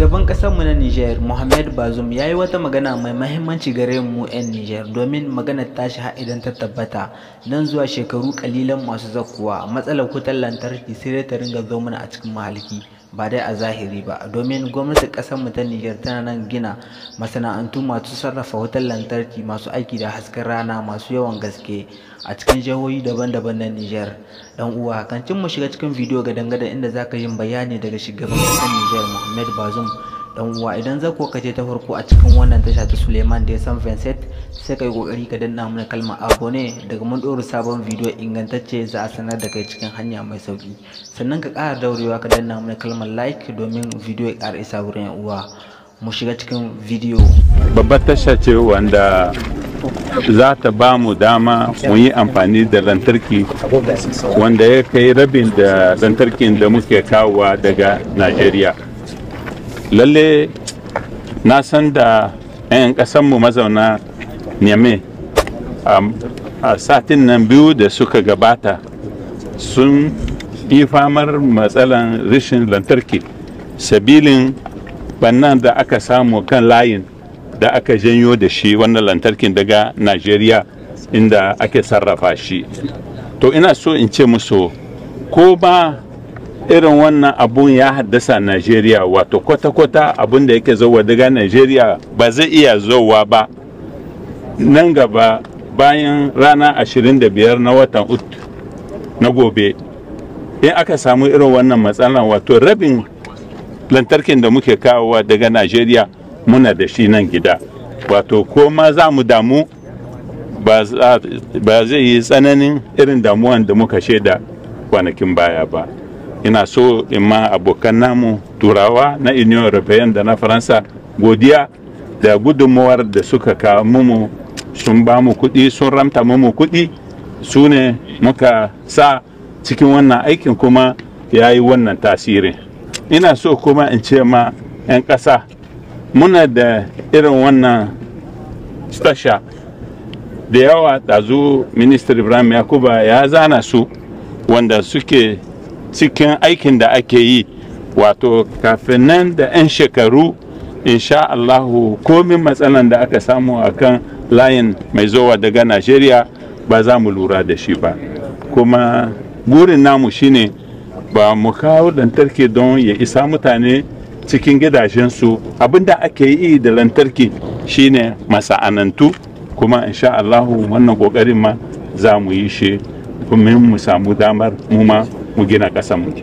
shugaban mu na Nijar Mohamed Bazoum ya yi wata magana mai mahimmanci gare mu 'yan Nijar domin maganar tashi har idan ta tabbata nan zuwa shekaru kalilan masu zakkuwa matsalar kutan lantarki sai ta ringa zo a cikin mahalki. ba dai a zahiri ba domin gwamnatin mu ta Nijar tana nan gina masana'antu masu sarrafa wutar lantarki masu aiki da hasken rana masu yawan gaske a cikin jihohi daban-daban na niger. dan uwa kan cin mu shiga cikin video ga dangada inda zaka yin bayani daga shugaban kasar niger Muhammad Bazoum dan uwa idan za ku kace ta farko a cikin wannan tasha ta Suleiman da ya san Vincent sai ka yi kokari ka danna mana kalmar abone daga mun dora sabon bidiyo ingantacce za a sanar da kai cikin hanya mai sauki sannan ka ƙara daurewa ka danna mana kalmar like domin bidiyo ya ƙara isa wurin yan uwa mu shiga cikin bidiyo babbar tasha ce wanda za ta ba mu dama mu yi amfani da lantarki wanda ya kai rabin da lantarkin da muke kawowa daga najeriya lalle na san da 'yan kasanmu mazauna neme a satin nan biyu da suka gabata sun yi famar matsalan rashin lantarki sabilin bannan da aka samu kan layin da aka janyo da shi wannan lantarkin daga najeriya inda ake sarrafa shi to ina so in ce musu ko ba irin wannan abun ya haddasa najeriya wato kwata-kwata abun da yake zauwa daga najeriya ba zai iya zauwa ba nan gaba bayan rana 25 na watan ut na gobe in aka samu irin wannan matsalan wato rabin lantarkin da muke kawowa daga najeriya muna da shi nan gida wato ko ma za mu damu ba zai yi tsananin irin damuwan da muka shaida kwanakin baya ba ina so in ma abokan namu turawa na union european da na faransa godiya da gudunmuwar da suka kawo mu sun ba mu kuɗi sun ramta mu kuɗi su ne muka sa cikin wannan aikin kuma ya yi wannan tasirin ina so kuma in ce ma 'yan ƙasa muna da irin wannan stasha da yawa ɗazu minister ibrahim yakuba ya zana su wanda suke cikin aikin da ake yi wato kafin nan da 'yan shekaru insha allahu komin matsalan da aka samu akan layin mai zowa daga najeriya ba za mu lura da shi ba kuma burin namu shine ba mu kawo lantarki don ya isa mutane cikin gidajensu abinda ake yi da lantarki shine masa'anantu kuma insha Allahu wannan kokarin ma za mu yi shi kuma mu samu damar mu ma mu gina ƙasar mu